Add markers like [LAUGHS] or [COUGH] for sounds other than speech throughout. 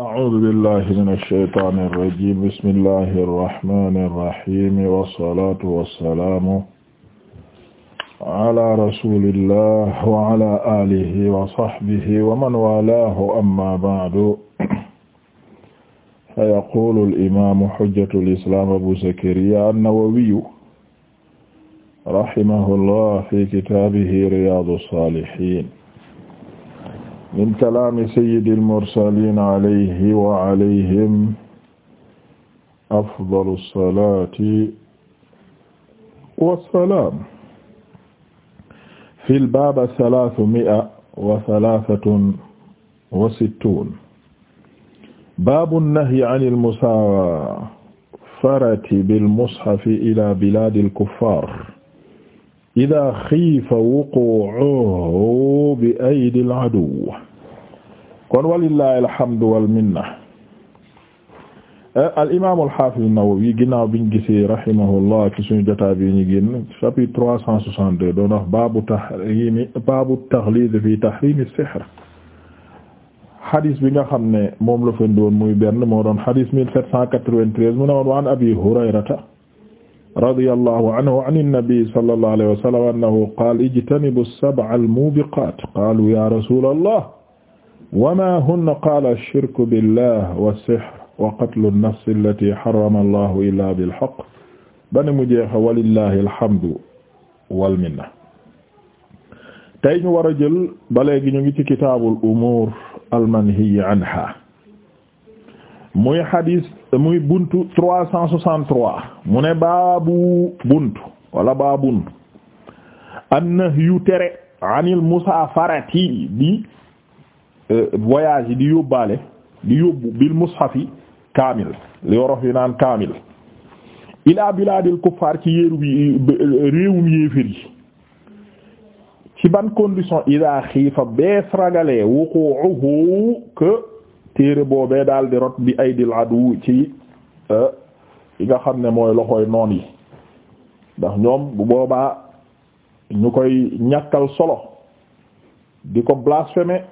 أعوذ بالله من الشيطان الرجيم بسم الله الرحمن الرحيم والصلاة والسلام على رسول الله وعلى آله وصحبه ومن والاه أما بعد فيقول الإمام حجة الإسلام أبو زكريا النووي رحمه الله في كتابه رياض الصالحين min kalaami sayyidil mursaliin alayhi wa alayhim afdalu salaati wa salaam. fil baaba salaasu mi'a wa salaasatun wa sittuun. baabu nahyi anil musaafarati bil mushafi ilaa bilaadil kuffaar idaa xiifa wuquu'uhu bi aydil aduwwi kon walillahi alhamdu wal minna eh, al imaam al haafiz an-Nawawi ginnaaw biñ gisee rahimahullah ci suñu jotaay bi ñu génn chapitre trois cent soixante deux doon wax baabu tahrimi baabu taxliid fi tahrimi sihr xadis bi nga xam ne moom la fëndoon muy benn moo doon xadis mille sept cent quatre-vingt-treize mu ne woon wa an abi hurayrata radiyallahu anhu an an-nabi sallallahu alayhi wa sallam annahu qaala ijtanibu as-sab'a al-muubiqaat qaalu ya rasuulallah wama hunna qaala alshirku billah walsixr wa qatlu alnafs allati xarama allahu illa bilxaq bani mu jeexa walillahi alhamdu walminna tey ñu war a jël ba léegi ñu ngi ci kitaabul umuur almanhiyi anha muy xadis muy buntu trois cent soixante-trois mu ne baabu buntu wala baa buntu annahyu tere anil musaafarati di Euh, voyage yi di yóbbaale di yóbbu bil mushafi kaamil li worof yi naan kaamil ilaa bilaadil kuffaar ci yéeru bi euh, réewum yéeféer yi ci ban condition idaa xiifa bees ragalee wuquuhu que téere boobee daal di rot bi aydil adu ci euh, yi nga xam ne mooy loxoy noon yi ndax ñoom bu boobaa ñu koy ñàkkal solo di ko blasphémer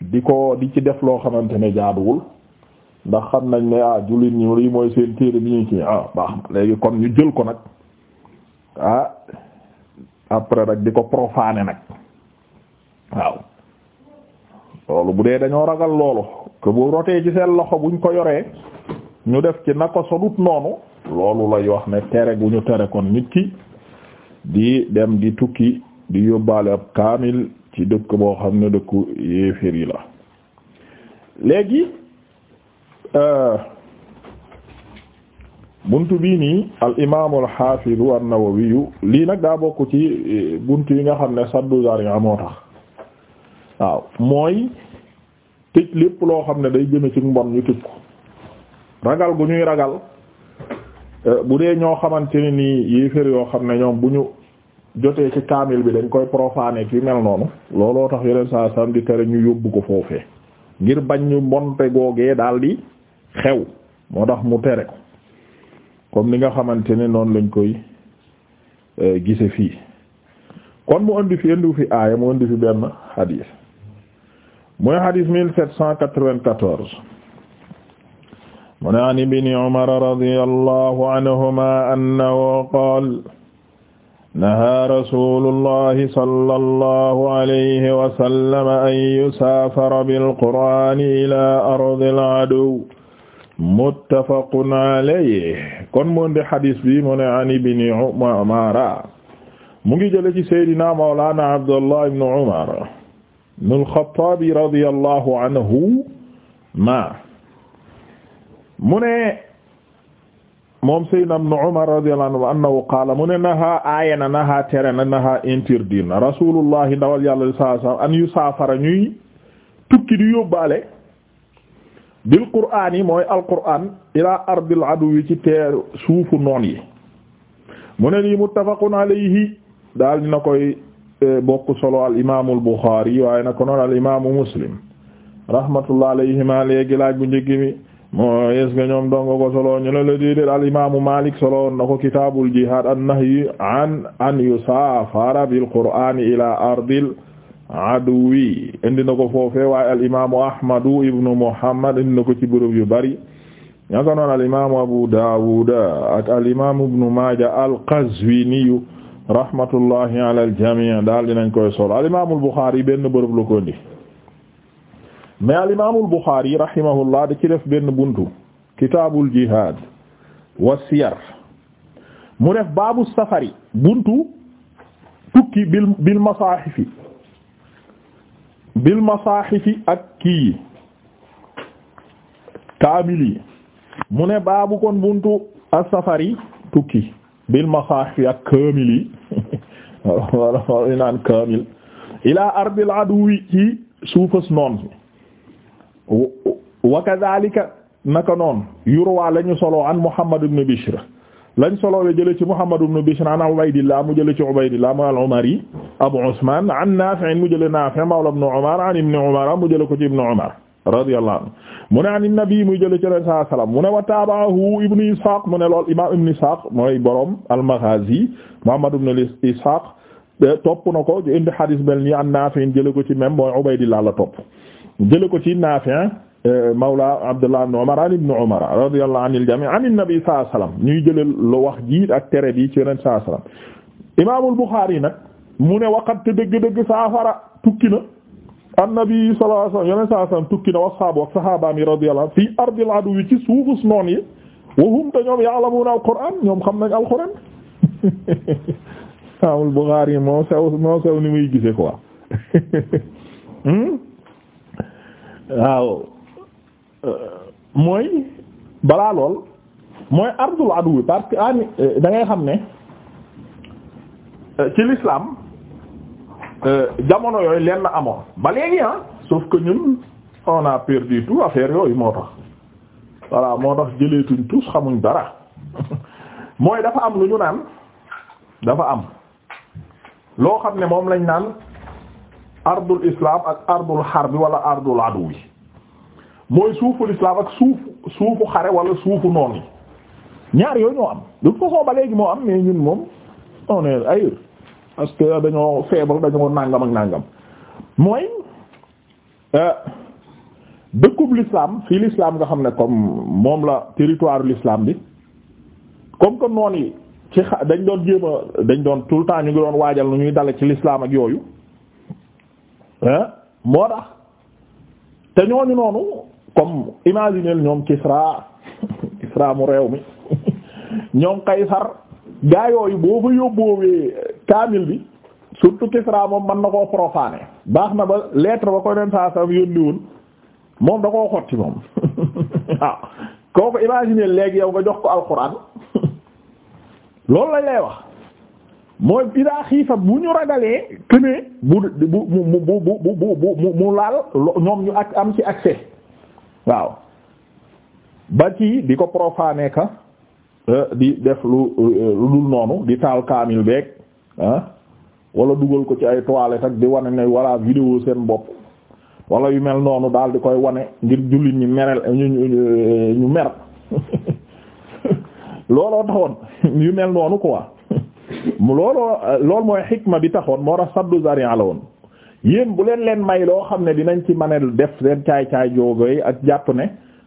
di ko di ci def loo xamante ne jaaduwul ndax xam nañ ne ah jullit ñi mooy seen téere bi ñu ci ah baax léegi kon ñu jël ko nag ah après rek di ko profaner nag waaw loolu bu dee dañoo ragal loolu que bu rotee ci seen loxo buñ ko yoree ñu def ci na ko sodut noonu loolu lay wax ne tere gu ñu tere kon nit ki di dem di tukki di yóbbaale ab kaamil ci dëkk boo xam ne dëkku yéeféer yi la léegi euh, bunt bii nii al imaamu al xaafidu an lii nag daa bokk ci eh, bunt yi nga xam ne saddu zariya moo tax waaw mooy tëj lépp loo xam ne day jëme ci mbon ñu tëj ko ragal gu ñuy ragal euh, bu dee ñoo xamante ne nii yéeféer yoo xam ne ñoom bu ñu jotee ci kaamil bi dañ koy profané ki mel noonu looloo tax yeneen saa sam di tere ñu yóbbu ko foofee ngir bañ ñu mbonte googee daal di xew moo tax mu tere ko comme ni nga xamante ne noonu lañ koy euh, gise fii kon mu indi fi indi fi aaya mu indi fi benn xadiis mooy xadiis mu ne an ibni Umar radiyallahu anhuma annahu qaala nahaa rasulullahi sallallahu alayhi wa sallam an yusaafara bilqur'aani ilaa ardil aduw muttafaqun alayhi kon moom di xadis bi mu ne an ibni Umara mu ngi jële ci saydina mawlaana Abdullah ibn Umar ibn al-Khattaab radiyallahu anhu ma mu ne moom Seydina ibn Umar radiyallahu anhu annahu qaala mu ne naha tere na naha interdire na rasulullahi ndawal yàlla sallallahu alayhi wasallam an yusaafara ñuy tukki di yóbbaale bil qur'aan yi mooy alqur'aan ila ardil aduwi ci teeru suufu noon yi mu ne nii muttafaqun alayhi daal dina koy e, bokk solo al imaamul Buxaari waaye na ko noon al imaamu Muslim rahmatullah alayhima léegi laaj bu njëkk mooy est-ce que al imaamu Malik solo na ko jihaad an-nahyi an an bil qur'aani ila ardil aduwi indi ko al imaamu Ahmadu ibnu Muhammad ci bërëb yu bari ñaka al imaamu Abu Daawud al imaamu ibnu Maaja al-Qazwiniyu rahmatullahi ala al-jamii daal dinañ koy solo al imaamul Buxaari benn bërëb la ko mais al imaamul Buxaari rahimahullah da ci def benn buntu kitaabul jihaad wa siyar mu def baabu safari buntu tukki bil bil bil masaaxifi ak kii yi mu ne baabu kon buntu as-safari tukki bil masaaxifi ak kaamil yi wala ilaa ardil aduwi ci suufas noon wa kadhalika naka noonu yurwa lañu solo an Muhammad ibn Bishr lañ solo la jëlee ci Muhammad ibn Bishr an Ubaydillah mu jëlee ci Ubaydillah mu al-Umari Abu Usman an Nafi' mu jëlee Nafi' mawla ibn Umar an ibn Umar mu jëlee ko ci ibn Umar radiyallahu anhu mu ne an nabi mu jëlee ci leen saa salaam mu ne wa taabaahu ibn Ishaq mu ne lool imaam ibn Ishaq mooy borom al-Maghazi Muhammad ibn Ishaq topp na ko indi hadis mel nii an Nafi' jëlee ko ci même mooy Ubaydillah la topp. jële ko ci Naafi' ah, euh, mawla Abdullah ibn Umar an ibn Umar radiyallahu anil jami' an an-nabi sallallahu lu wax ji ak tere bi ci Yonent sallallahu alayhi wasallam imaamul Buxaari nag mu ne waqat te dëgg-dëgg saafara tukki na an-nabi sallallahu alayhi wasallam Yonent sallallahu alayhi wasallam tukki na wa sahaabu ak sahaaba mi radiyallahu fii ardil aduwwi ci suufus noon yi wa ñoom ya'lamuuna al-Qur'aan ñoom xam nañ al-Qur'aan [LAUGHS] imaamul Buxaari moo sew moo sew ni muy gise quoi [LAUGHS] hmm? waaw euh, mooy balaa lool mooy ardul adu parce que ani ah, euh, da ngay xam ne euh, ci l'islam jamono yooyu lenn na amoon ba léegi ah sauf que ñun on a tout affaire yooyu moo tax voilà moo tax jëleetuñ tous xamuñ dara [LAUGHS] mooy dafa am lu ñu naan dafa am loo xam ne moom lañ naan ardul islaam ak ardul harbi wala ardul aduwi mooy suuful islam ak suuf suufu xare wala suufu noon yi ñaar yooyu ñoo am de façon ba léegi moo am mais ñun moom on est parce que dañoo feebar dañoo nàngam ak nàngam mooy euh, dëkkub l'islam fii lislaam nga xam ne comme moom la territoire lislaam bi comme que noon yi ci dañ doon jéem a dañ doon tout le temps ñu ngi doon waajal nu ñuy dale ci lislaam ak yooyu moo tax te ñooñu noonu comme imaginer ñoom Kisra [LAUGHS] Kisra mu réew mi [LAUGHS] ñoom Kaysar gaa yooyu boo fa yóbboowee kaamil bi surtout Kisra moom man na koo profané baax na ba lettre ba koy nen saa sam yónniwul moom da koo xotti moom [LAUGHS] kooku imaginer léegi yow nga jox ko alxuraan loolu lañ lay wax mooy idaa xiifa bu ñu ragalee kënee bu bu bu bu mu laal ñoom ñu ak am ci accès waaw ba ci di ko profané ka euh, di def euh, lu dul noonu di taal kaamil beeg ah wala dugal ko ci ay toilettes ak di wane ne wala vidéo seen bopp wala yu mel noonu daal di koy wane ngir jullit ñi merel ñu ñu mer [LAUGHS] looloo taxoon yu mel noonu quoi looloo loolu mooy xikma bi taxoon moo tax saddu zari'a la woon yéen bu leen leen may loo xam ne dinañ ci mën a def leen caay-caay joogoy ak jàpp ne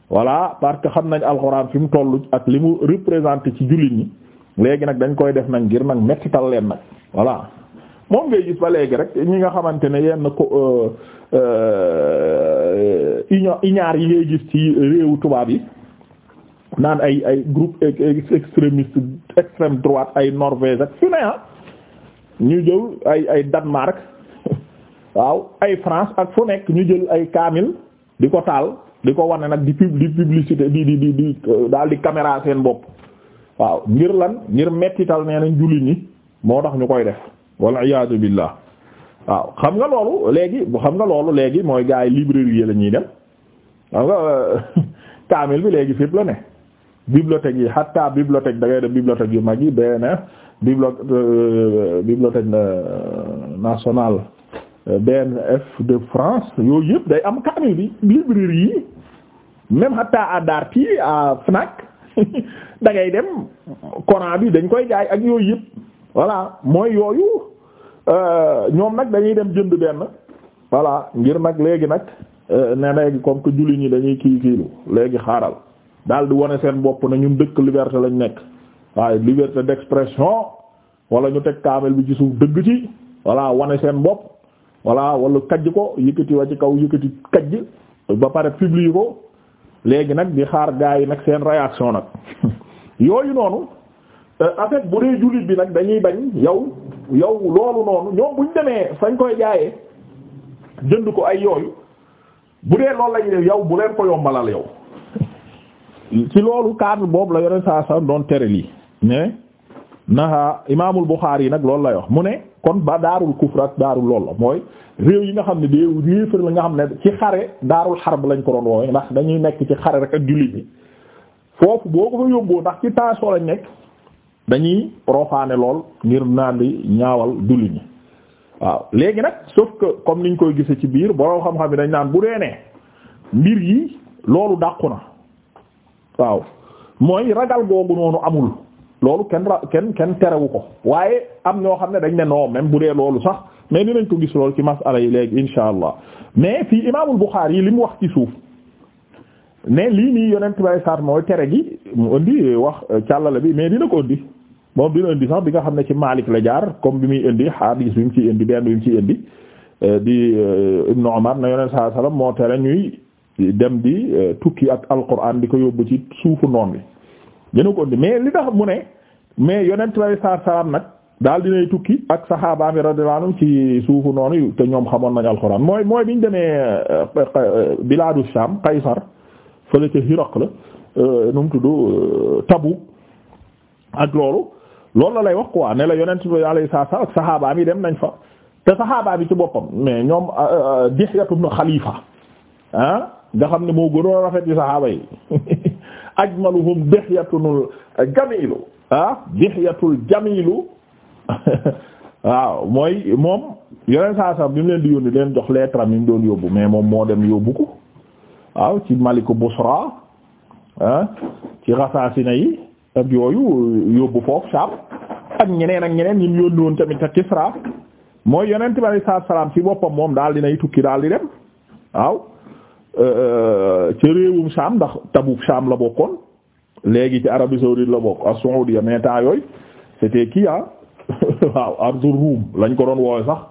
voilà parce que xam nañ alxuraan fi mu toll ak li mu représenté ci jullit ñi léegi nag dañ koy def nag ngir nag mettital leen nag voilà moom ngay gis ba léegi rek ñi nga xamante ne yenn ko euh, euh, iñaar yi ngay gis ci réewu tubaab yi naan ay ay groupe extrémiste extrême droite ay Norvège ak fu ne ah. ñu jël ay ay Danemark [LAUGHS] waaw ay France ak fu nekk ñu jël ay kaamil di ko taal di ko wane nag di pub di publicité di di di di euh, daal di caméra seen bopp waaw ngir lan ngir mettital nee nañ jullit ñi moo tax ñu koy def walla iyaatu billaah waaw xam nga loolu léegi xam nga loolu léegi mooy gaa yi librairie lañuy dem xam euh, [LAUGHS] kaamil bi léegi fépp la bibliothèques yi hatta bibliothèque da ngay def bibliothèque yu mag yi BNF bibliothèque euh, euh, nationale euh, BNF de France yooyu yëpp day am kaamil bi librairie yi même hatta à Darty à Fnac [LAUGHS] da dem Coran bi dañ koy jaay ak yooyu yëpp voilà mooy yooyu ñoom nag dañuy dem jënd benn voilà ngir nag léegi nag ne léegi comme que julli ñi dañuy kii kiilu léegi xaaral daal di wane seen bopp nañu ñun dëkk liberté lañ nekk waaye liberté d'expression wala ñu teg kaamel bi ci suuf dëgg ci wala wane seen bopp wala wala kajj ko yëkkati wa ci kaw yëkkati kajj ba pare publier léegi nag di xaar gars yi nag seen réaction nag [LAUGHS] yooyu noonu euh, en fait bu dee jullit bi nag dañuy bañ yow yow loolu noonu ñoom buñ demee fañ koy jaayee jënd ko ay yooyu bu dee loolu lañuy def yow bu leen ko yombalal yow ci loolu cadre boobu la yore saa doon tere yi mais naha imaamul Buxaari yi nag loolu lay wax mu ne kon ba daarul kufr ak daarul lool la mooy réew yi nga xam ne déew réefar la nga xam ne ci xare daarul xarb lañ ko doon woowe ndax dañuy nekk ci xare rek ak jullit bi foofu boo ko fa yóbboo ndax ci tension lañ nekk dañuy rofaane lool ngir naan di ñaawal jullit ñi waaw léegi nag sauf que comme niñ koy gise ci biir boroom xam-xam yi dañ naan bu reenee ne mbir yi loolu dàqu na waaw mooy ragal googu noonu amul loolu kenn ra kenn kenn terewu ko waaye am ñoo xam ne dañ ne non même bu dee loolu sax mais dinañ ko gis loolu ci masala yi léegi insha allah mais fii imaamul Buxaari yi li mu wax ci suuf ne lii nii yonent bay saat mooy tere gi mu indi wax càllale bi mais dina ko indi moom dina indi sax bi nga xam ne ci Maalik la jaar comme bi muy indi xadiis bi mu ci indi benn bi mu ciy indi euh, di euh, Ibnu Umar na yonent saa sallam moo tere ñuy dem bi euh, tukki ak alquran di ko yóbbu ci suufu noon bi gëna ko mais li tax mu ne mais yonent bi saa salaam nag daal dinay tukki ak saxaaba mi radiyallahu anhum ci suufu yi te ñoom xamoon nañ alquran mooy mooy biñ demee euh, euh, bilaadu Sham Qaysar fële ca Hiraql la nu mu tudd Tabuk ak loolu loolu lay wax quoi ne la yonent bi alayhi salaam ak saxaaba yi dem nañ fa te saxaaba bi ci boppam mais ñoom Dihyatu ibn Khalifa ah nga xam ne moo gënoon rafet yi saxaaba yi [LAUGHS] ajmaluhum dihyatunul jamilu ah dihyatul jamilu [LAUGHS] waaw mooy moom yeneen saa sax bi mu leen di yónni leen jox lettre am yi mu doon yóbbu mais moom moo dem yóbbu ko waaw ci maliku Busra ah ci Ghassaasina yi ak yooyu yóbbu foofu Sham ak ñeneen ak ñeneen ñi mu yónni woon tamit ak Kisra mooy yonent bi sallallahu alayhi ci boppam moom daal dinay tukki daal di dem waaw Euh, ca réewum Sham ndax Tabuk Sham la bokkoon léegi ci Arabie saoudite la bokk ak Saoudia a temps yooyu c'était kii ah [LAUGHS] waaw ardu Ruum lañ ko doon woowe sax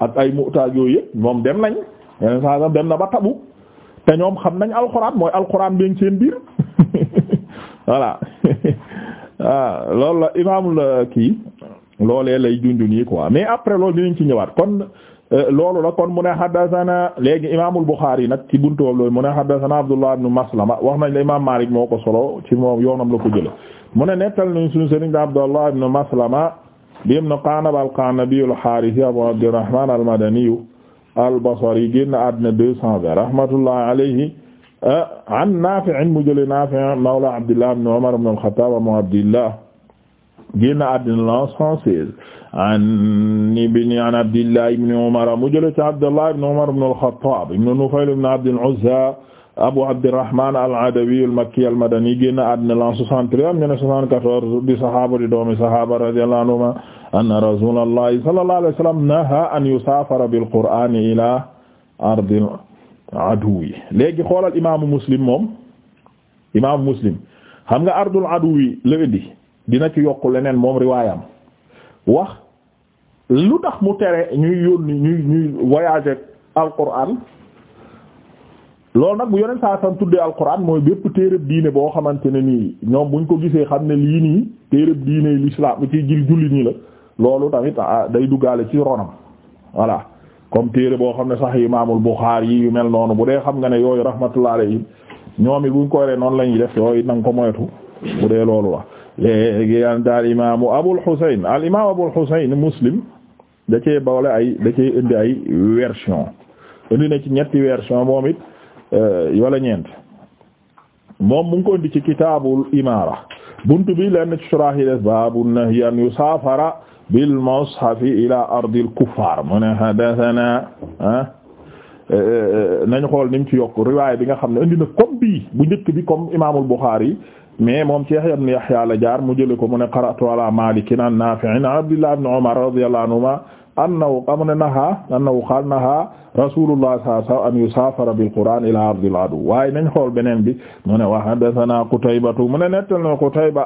ak ay Mu'taz yooyu yëpp moom dem nañ yeneen dem na ba Tabuk te ñoom xam nañ alxuraan mooy alxuraan bi ngi seen biir [LAUGHS] voilà [LAUGHS] ah loolu la imaamul kii loolee lay junjun yi quoi mais après loolu dinañ ci ñëwaat kon. Euh, loolu la kon mu ne haddathana léegi imaamul Bukhari nag ci buntu boobu mu wax nañ la imaam Maalik moo ko solo ci moom yoonam la ko jëlee mu ne nettal nañ suñu sëriñ Abdullah ibn Maslama bi ibn Qanab al-Qanabi al-Harisi Abu Abdurrahman al-Madani al-Basri génn àddina deux cent vingt rahmatullahi alayhi euh, an Naafi' mu jëlee Naafi' mawla Abdullah ibn Umar ibn al-Khattab Abu Abdillah génn àddina an ibni an abdillah ibni umar mu jële ci abdullah ibni umar ibn al-Khattab ibn Nufayl ibn Abd al-Uzza abu abdirrahman al-Adawi al-Makki al-Madani génn àddina lan 63 am ñu ne 74 di sahaaba di doomi sahaaba radiyallahu anhuma anna rasulallahi sallallahu alayhi wa sallam naha an yusafara bil-Qur'an ila ardil aduwi léegi xoolal imaamu Muslim moom imaamu Muslim xam nga ardul aduwi la indi dina ci yokk leneen moom riwaayam wax lu tax mu tere ñuy yónni ñuy ñuy voyager alquran loolu nag bu yoneen saa san tuddee alquran mooy bépp téereb diine boo xamante ne nii ñoom buñ ko gisee xam ne lii nii téereb diine l'islam ci jil julli nii la loolu tamit ah, day duggaale ci ronam voilà comme téere boo xam ne sax imaamul Buxaari yi yu mel noonu bu dee xam nga ne yooyu rahmatullah alayhi ñoom it buñ koy ree noonu la ñuy def yooyu nanga ko moytu bu dee loolu la léegi anta al imaamu Abul Husayn al imaamu Abul Husayn Muslim da boole ay da indi ay version indi na ci ñetti version moom it euh, wala ñeent moom mu ngi ko indi ci kitaabul imaara buntu bi lenn ci surah yi des baabu nahyi an yusaafara bil mushafi ila ardil kuffaar mu ne hadathana ah euh, euh, nañ xool ni ci yokk riwaay bi nga xam ne indi na comme bii bu njëkk bi comme imaamul Buxaari mais moom ci Yahya ibn Yahya la jaar mu jële ko mu ne qara'tu ala Malikin an Nafi'in an Abdillah ibn Umar radiyallahu anhuma annahu qaala nahaa annahu qaala nahaa rasuulullah sallallahu alayhi wa sallam an yusaafara bil qur'aan ilaa ardil aduw waaye nañ xool beneen bi mu ne wa haddathanaa Qutaybatu mu ne nettal na Qutayba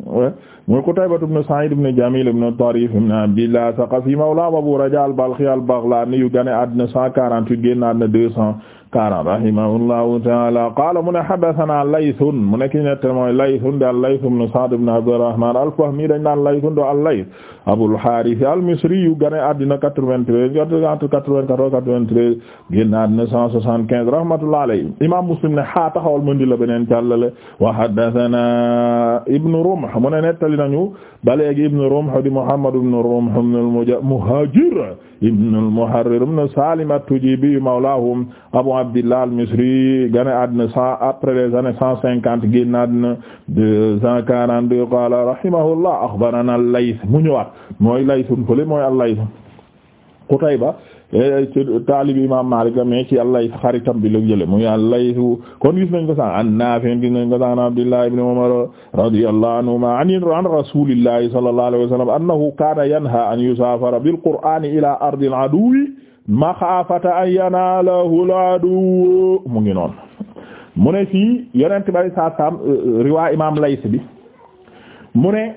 [COUGHS] mooy Qutaybatu ibn Sa'iid ibn Jamiil ibn Tariif ibn Abdillah Saqafi mawlaa Abu Rajaa al-Balkhi al-Baghlaani yu gane àddina 148 génn àddina 200 kaara rahimahullahu taala qaala mu ne hadathana laythun mu nekki nette mooy laythun de al-Layth ibn Sa'd ibn Abdurrahman al-Fahmi dañ naan laythun do al-Layth Abul Harith al-Misri yu gane addina 93 entre 94 93 génn addina 175 rahmatullah alayhi imam Muslim ne ha taxawal mu indi la beneen càllale wa hadathana Ibn Rumh mu ne nettali nañu ba léegi Ibn Rumh di Muhammad ibn Rumh ibn al-Muhajir ibn al-Muharrir ibn Salim at-Tujibi mawlahum Abu abdillah al-Misri gane àddina cent après les années cent cinquante génn àddina deux cent quarante deux qala rahimahullah akhbarana al-Layth mu ñëwaat mooy Laythun fële mooy al-Layth Qutayba eh, taalib imam Maalik la mais ci al-Layth xaritam bi la jële muy al-Layth kon gis nañ ko sax an Naafi' gis nañ ko sax an Abdullah ibn Umar radiyallahu anhuma an rasulillahi sallallahu alayhi wa sallam annahu kaana yanha an yusaafara bil-Qur'aani ilaa ardil aduwwi maxaafata an yanaalahu mu ngi noon mu ne fii yonent bari saa saam riwaa imaam Layth bi mu ne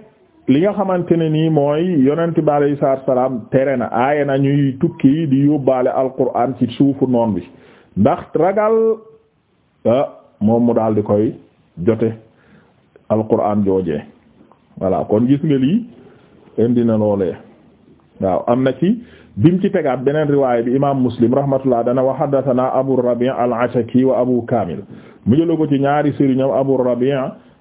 li nga xamante ne nii mooy yonent bi alayhi salaatu salaam tere na aaye na ñuy tukki di yóbbaale alquran ci suufu noon bi ndax ragal euh, moom mu daal di koy jote alquran joojee voilà kon gis nga lii indi na loolee waaw am na ci bim ci tegaat beneen riwaaya bi imaam muslim rahmatullah dana wa haddathana abu rabi' al-ataki wa abu kamil mu jëlo ko ci ñaari sëriñam abu rabi'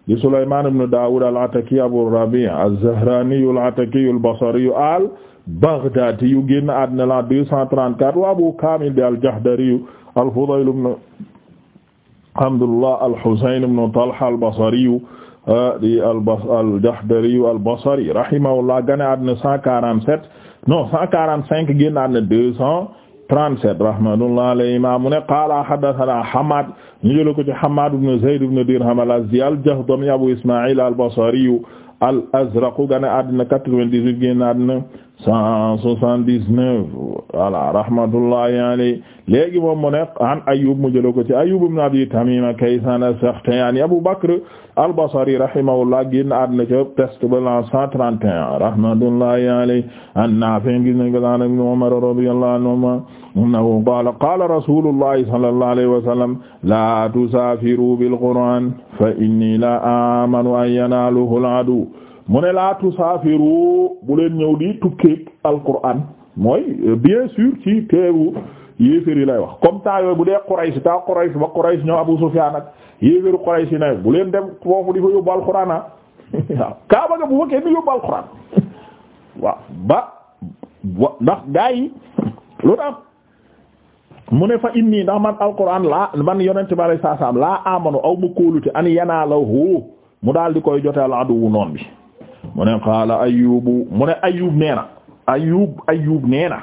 di sulayman ibn daawud al-ataki abu rabi' az-zahrani al-ataki al-basri al-baghdadi yu génn àddina la 234 wa abu kamil di al-jahdari al-fudayl ibn hamdullah al-husayn ibn talha al-basri di al-jahdari al-basri rahimahullah gane àddina 147 non cent quarante cinq génnaat na deux cent trente sept rahmatullah alayhi ma mu ne qaala Hammad ñu jël ko ci Hammad ibn Zayd ibn Dirham al-Azdi al-Jahdami Abu Isma'il al-Basri al azraq gane àddina quatre-vingt-dix-huit génn àddina cent soixante-dix-neuf voilà rahmatullahi alayhi léegi moom mu ne an Ayyub mu jël ko ci Ayyub ibn Abi Tamima Kaysan as-Sakhtiyani Abu Bakr al-Basri rahimahullah génn àddina ca peste ba l'an cent trente et un rahmatullahi alayhi an Nafi' gis nañ ko an Ibn Umar radiyallahu anhuma annahu qala qala rasulullahi sallallahu alayhi wa sallam la tusafiru bil Qur'an fa inni la amanu an yanaaluhu mu ne laa tusaafiru bu leen ñëw di tukkeek alquran mooy bien sûr ci teeru yéeféri lay wax comme taa yooyu bu dee Quraysh taa Quraysh ba Quraysh ñëw Abu Sufyaan ak yéeféri Quraysh yi bu leen dem foofu di fa yóbbu alquran ah [LAUGHS] waaw Kaaba bu fa kenn yóbbu alquran [LAUGHS] waaw ba ndax gaa lu tax mu ne fa inni ndax man alquran laa man yonente bi alay saa salam laa amano aw ma kóolute an yanaalahu mu daal di koy jote aladuwu noon bi mu ne qaala ayubu mu ne ayub nee na ayub neena nee na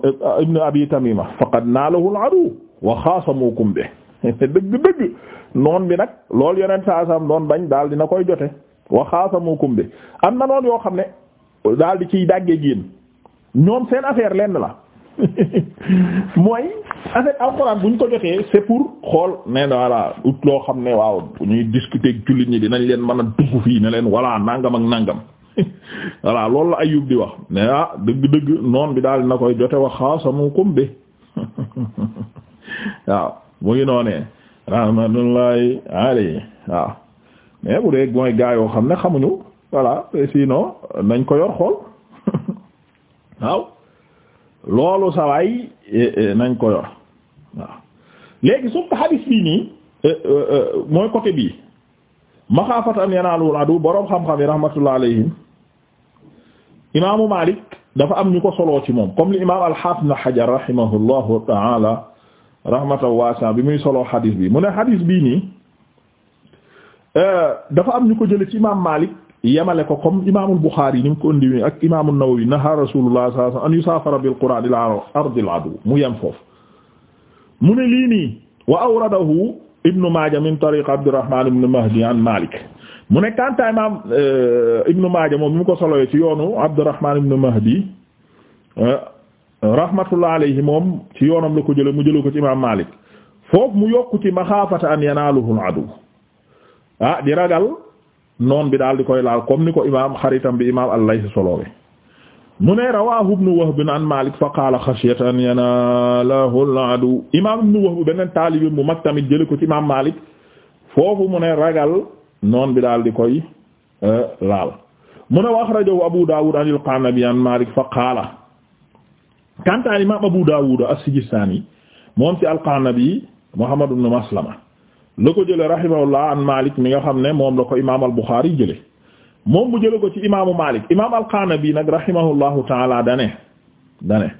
eh, eh, ibnu abi tamima faqad naalahu aladu wa xaasamukum be [LAUGHS] dëgg dëgg noon bi nag loolu yonente saa salam bañ daal dina koy jote wa xaasamukum be am na noon yoo xam ne daal di ciy dagge yéen ñoom seen affaire lenn la [LAUGHS] mooy en ko jotee c'est pour xool nee na voilà ut loo xam ne waaw ñuy discuter jullit ñi dinañ leen mën a dugg fii ne leen voilà nangam ak nangam [LAUGHS] voilà loolu la Ayub di wax ne ah dëgg-dëgg noon bi daal na koy jote wax xaasamu kumbe [LAUGHS] waaw mu ngi noonee rahmatullahi alayhi waaw mais bu dee mooy gaa yoo xam ne xamuñu voilà sinon nañ ko yor xool waaw loolu sawaay eh, eh, nañ ko yor waaw léegi suuf hadis bii nii eh, mooy côté bii maxaafat an yanaalul adu boroom xam-xam yi rahmatullah alayhim imaamu Malik dafa am ñu ko soloo ci moom comme li imaam al-Hafiz na Hajar rahimahullahu ta'ala rahmatan wasi'a bi muy solo hadis bi mu ne hadis bii nii dafa am ñu ko jële ci imaam Malik yemale ko comme imaamul Buxaari ni mu ko indi ak imaamul Nawawi naha rasulullah sallallahu alayhi wasallam an yusaafara bil qur'aan ila ardil adu mu yem foofu mu ne lii nii wa awradahu ibnu Maaja min tariq Abdurrahmaan ibn Mahdi an Maalik mu ne kanta imaam euh, ibnu Maaja moom mi mu ko soloyee ci yoonu Abdurrahmaan ibn Mahdi euh, rahmatullah alayhi moom ci yoonam la ko jële mu jële ko ci imaam Maalik foofu mu yokku ci maxaafata an yanaaluhu al adu ah di ragal noon bi daal di koy laal comme ni ko imaam xaritam bi imaam al-Layth mu ne rawaahu ibnu Wahb an Maalik fa qaala xashyata an yanaalahu al-adu imaam ibnu Wahb beneen taalibi mu mag tamit jële ko ci imaam Maalik foofu mu ne ragal noon bi daal di koy euh, laal mu ne wa axrajahu Abu Daawuud an al-Qanabi an Maalik fa qaala kantaal imaam Abu Daawuud as moom ci al-Qanabi Muhammad ibnu Maslama la ko jële rahimahullah an Malik mi nga xam ne moom la ko imaam al-Bukhari jële moom mu jële ko ci imaamu Malik imaam al-Qanabi nag rahimahullahu taala dane dane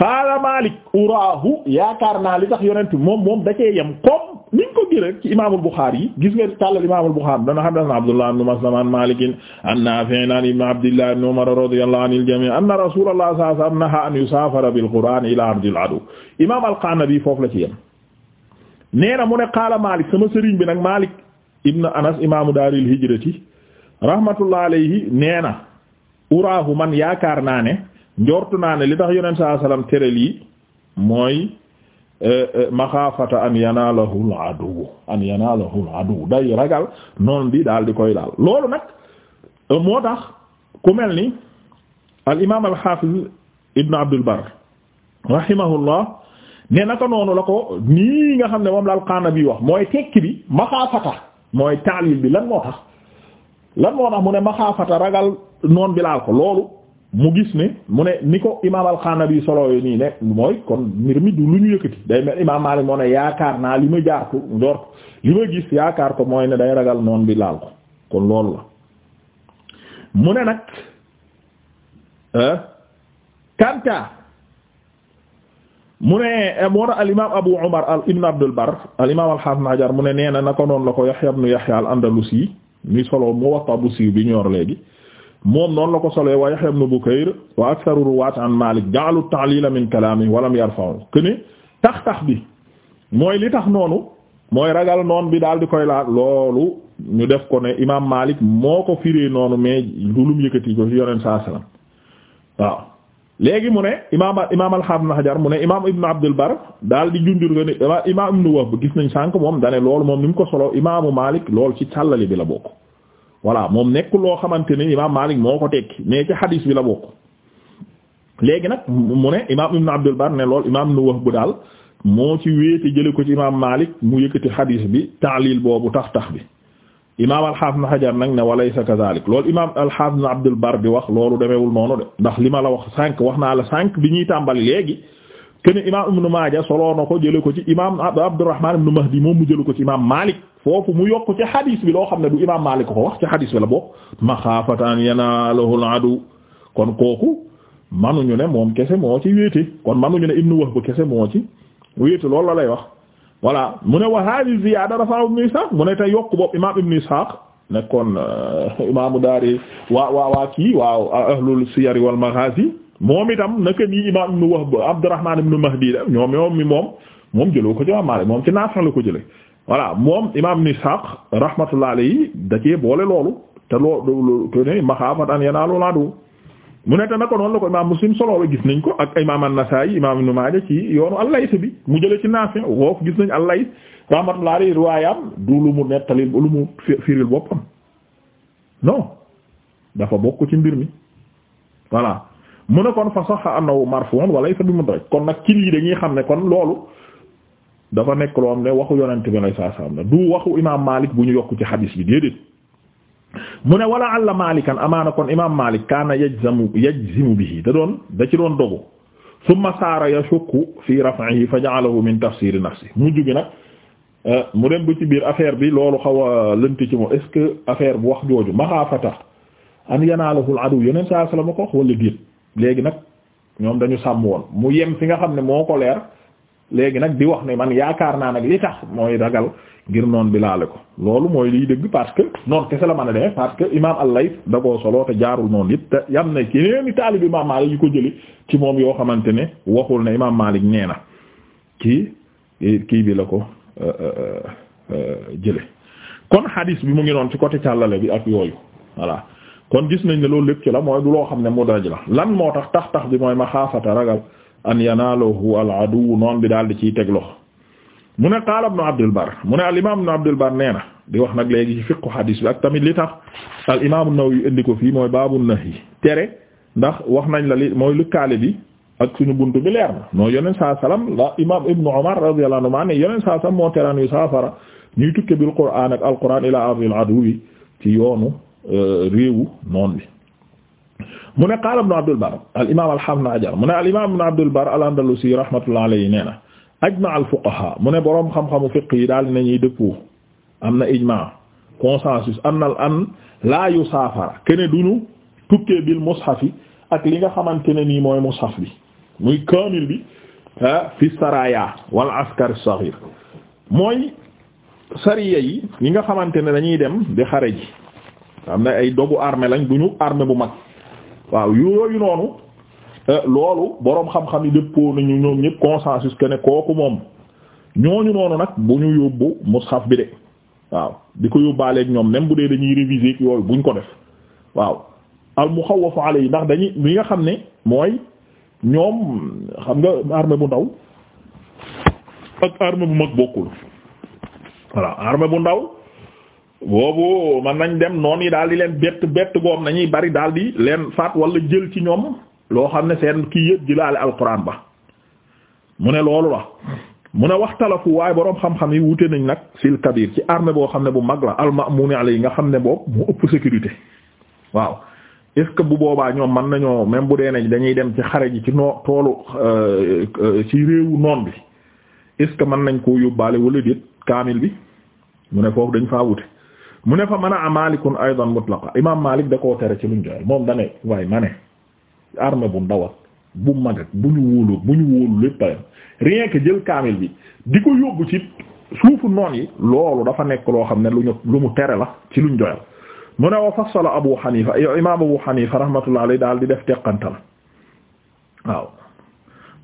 qaala Malik uraahu yaakaar naa li tax yonent moom moom da cee yem comme ni nga ko gis rek ci imaamul Buxaari yi gis nga tàllal imaamul Buxaari dana haddasanaa Abdullah ibn Maslama an Maalik an Naafi' an ibn Abdillah ibn Umar radiyallahu anil jamii' anna Rasuulullah sallallahu alayhi wa sallam nahaa an yusaafara bil Qur'aan ilaa ardil aduww imaam al la ci yem nee na qaala Malik sama sëriñ bi nag Malik ibn Anas imaamu daaril hijrati rahmatullah alayhi nee uraahu man yaakaar naa ne njortu naa li tax yonent saa sallam tere lii mooy eh, eh, maxaafata an yanaalahul aduw an yanaalahul aduw day ragal noon bi daal di koy daal loolu nag eh, moo tax ku mel ni al imaam al xaafiz ibn Abdul Barr rahimahullah ne naka noonu la ko nii nga xam ne moom la Al-Qanabi wax mooy tekki bi maxaafata mooy taalil bi lan moo tax lan moo tax mu ne maxaafata ragal noon bi laal ko loolu mu gis ne mu ne ni ko imaam al bi solo nii ne mooy kon mbir mi du lu ñu yëkkati day mel imaam Maalik moo ne yaakaar naa li ma jaar ko li ma gis yaakaar ko mooy ne day ragal noon bi laal ko kon loolu la mu ne nag kanta mu ne eh, moo tax al imaam Abu Umar al ibn Abdul al imaam al Hasan mu ne nee na naka noonu la ko Yahya ibn Yahya al Andalusi mi solo Muwatta bu siiw bi ñor léegi moom noonu la ko solee wa Yahya ibn Bukayr wa aktharu ruwaat an Maalik ja'alu ta'lil min kalaamihi wa lam yarfa'u kene tax tax bi mooy li tax noonu mooy ragal noon bi daal di koy laal loolu ñu def ko ne imaam Maalik moo ko firee noonu mais lu lum yëkkati ko fi Yonent saa salaam waaw. léegi mu ne imaam imaam al-Hafiz Ibn mu ne imaam Ibn Abdul Barr daal di junjur nga ni imaam Ibn Wahb gis nañ sànq moom dane loolu moom ni mu ko solo imaamu Malik lool ci càllali bi la bokk voilà moom nekkul loo xamante ni imaam Malik moo ko tekki mais ci hadis bi la bokk léegi nag mu ne imaam Ibn Abdul Barr ne lool imaam Ibn bu daal moo ci wéete jële ko ci imaam Malik mu yëkkati hadis bi ta'lil boobu tax tax bi imaam alxaafis na xajar nag ne walaysa kadalik loolu imaam alxaafis na Abdul Bar bi wax loolu demeewul noonu de ndax li ma la wax sànq wax naa la sànq bi ñuy tàmbali léegi kene imaam ibnu Maaja soloo na ko jële ko ci imaam Abdurrahmaan ibnu Mahdi moom mu jële ko ci imaam Maalik foofu mu yokk ci xadiis bi loo xam ne du imaam Maalik ko wax ci xadiis bi la bokk maxaafata an yanaalahu al-aduw kon kooku manuñu ne moom kese moo ci wéete kon manuñu ne ibnu Wahb kese moo ci wéete loolu la lay wax voilà mu ne wa hadi ziyaada rafa ibn Ishaq mu ne te yokk bopp imam ibn Ishaq nekkoon euh, imaamu daari waa waa waa kii waaw ahlul siyar wal maghazi moom itam naka nii imam ibn Wahb Abdurrahman ibn Mahdi da ñoom ñoom moom moom jëloo ko ci imam moom ci Naafi' la ko jële voilà moom imam ibn Ishaq rahmatullah alayhi da cee boole loolu te loolu te ne maxaafat an yanaalu mu ne na ko noonu la ko imaam Muslim solowe gis nañ ko ak imaam An-Nasaa'i imaam Ibn Maaja ci yoonu Al-Layth bi mu jëlee ci Naafi' woofu gis nañ Al-Layth rahmatullahi alayhi riwaayam du lu mu nettali lu mu firil boppam non dafa bokk ci mbir mi voilà mu ne kon fa sahha annahu marfu'un wa laysa bi mudraj kon nag ci lii dañuy xam ne kon loolu dafa nekk loo xam ne waxu yonent bi sallallahu alayhi wasallam du waxu imaam Maalik bu ñu yokk ci xadiis bi déedéet mu ne wala àlla malikan amaana kon imam malik kaana yajzamu yajzimu bihi da doon da ci doon dogu summa saara yashukku fi raf'ihi fa ja'alahu min tafsiri nafsi mu jugi nag eh, mu dem bu ci biir affaire bi loolu xaw a lënt ci moom est-ce que affaire bu wax jooju maxaafata an yanaalahu al-adu yeneen saa sallam ko wala déet léegi nag ñoom dañu sàmm woon mu yem fi nga xam ne moo ko leer léegi nag di wax ne man yaakaar naa nag li tax mooy ragal ngir noon bi laale ko loolu mooy liy dëgg parce que noon kese la mën a demee parce que imam al-Layth da solo te jaarul noonu it te yam na keneen taalib imam Malik yu ko jëli ci moom yoo xamante ne waxul ne imam Malik nee na ci eh, kii bi la ko eh, eh, jële kon hadis bi mu ngi noon ci côté càllale bi ak yooyu voilà kon gis nañ ne loolu lépp ci la mooy du loo xam ne mu daraj la lan moo tax tax tax bi mooy ma ragal an yanaalahu al aduw noon bi daal di ciy teg loxo mu ne qaala ibnu Abdul mu ne al imaam ibnu Abdul Barr nee na di wax nag léegi ci fiqhu hadis bi ak tamit li tax al imaam an-Nawawi indi ko fii mooy baabu nahyi tere ndax wax nañ la li mooy lëkkaale bi ak suñu buntu bi leer na noo yoneen saa salaam la imaam ibnu Umar radiyallahu anhu ne yoneen saa salaam moo teraan yu saafara ñuy tukke bil qur'aan ak al qur'aan ilaa ardil aduwi ci yoonu euh, réewu noon bi mu ne qaala ibnu Abdul Barr al imaam al haafiz ibnu Hajar mu ne al imaam ibnu Abdul Barr al Andalusi rahmatullahi alayhi nee na ajmaa al fuqahaa mu ne boroom xam-xamu fiqh yi daal nañuy dëppoo am na ijmaa consensus am na an laa saafara kene duñu tukkee bil mushafi ak li nga xamante ne nii mooy mushaf bi muy kaamil bi fi saraya wal askari as-saghir mooy sariya yi yi nga xamante ne dañuy dem di xare ji am na ay dogu armée lañ bu ñu armée bu mag waaw yooyu noonu eh, loolu boroom xam-xam yi dëppoo nañu ñoom ñëpp consensus que ne kooku moom ñooñu noonu nag bu ñu yóbbu mushaf bi de waaw di ko yóbbaaleeg ñoom même bu dee dañuy réviser yooyu buñ ko def waaw xaw al muxawwafu yi ndax dañuy li nga xam ne mooy ñoom xam nga armée bu ndaw ak armée bu mag bokkul voilà armée bu ndaw. boobu man nañ dem noon yi daal di leen bett bett goom nañuy bari daal di leen faat wala jël ci ñoom loo xam ne seen kii yëpp jëlaale alquran ba mu ne loolu la mu ne waxtalafu waaye boroom xam-xam yi wute nañ nag fil kabir ci armée boo xam ne bu mag la almamuni yi nga xam ne boobu mu ëpp sécurité waaw est que bu boobaa ñoom mën nañoo même bu dee nañ dañuy dem ci xare ji ci noo toolu euh, ci réewu noon bi est-ce mën nañ koo yóbbaale wala déet kaamil bi mu ne foofu dañ faa mu ne fa man a malikun aidan mutlaqa imam malik da koo tere ci luñ joyal moom dane waaye ma ne arme bu ndaw bu mag bu ñu wóolu bu ñu wóolu lépp jël kaamil bi di ko yóbbu ci suufu noon yi loolu dafa nekk loo xam ne lu ñu lu mu tere la ci luñ joyal mu ne wa fassala abu xanifa imam abu xanifa rahmatullah alayhi daal di def teqantal waaw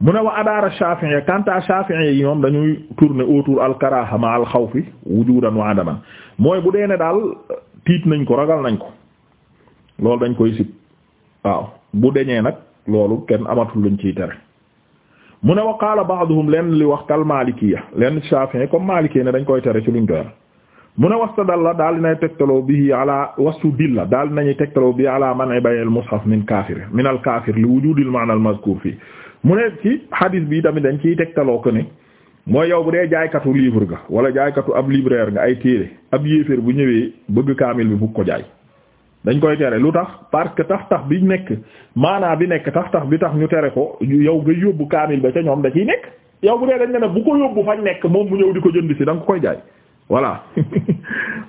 mu ne wa adaara Shafi'i kanta Shafi'i yi ñoom dañuy tourner autour al-karaaha ma al-xawfi wujudan wa adaman mooy bu dee ne daal tiit nañ ko ragal nañ ko loolu dañ koy sib waaw bu deñee nag loolu kenn amatul luñ ciy tere mu ne wa baax ba'duhum lenn li wax kal Maalikiyya lenn Shafi'i comme Maalikiyya ne dañ koy tere ci luñ doyal mu ne la daal dinay bi bihi ala wastu dilla daal dinañuy tegtaloo bi ala man ibayel mushaf min kaafir min al kaafir li wujudil maana al mazkur fii mu ne ci hadis bi tamit dañ ciy tegtaloo ko ne mooy yow bu dee jaaykatu livre nga wala jaaykatu ab libraire nga ay téere ab yéeféer bu ñëwee bëgg kaamil bi bugg ko jaay dañ koy tere lu tax parce que tax tax bi nekk maanaa bi nekk tax tax bi tax ñu tere ko yow nga yóbbu kaamil ba ca ñoom da ciy nekk ne bu ko yóbbu nekk moom mu ñëw di ko jënd si da nga koy jaay voilà [LAUGHS]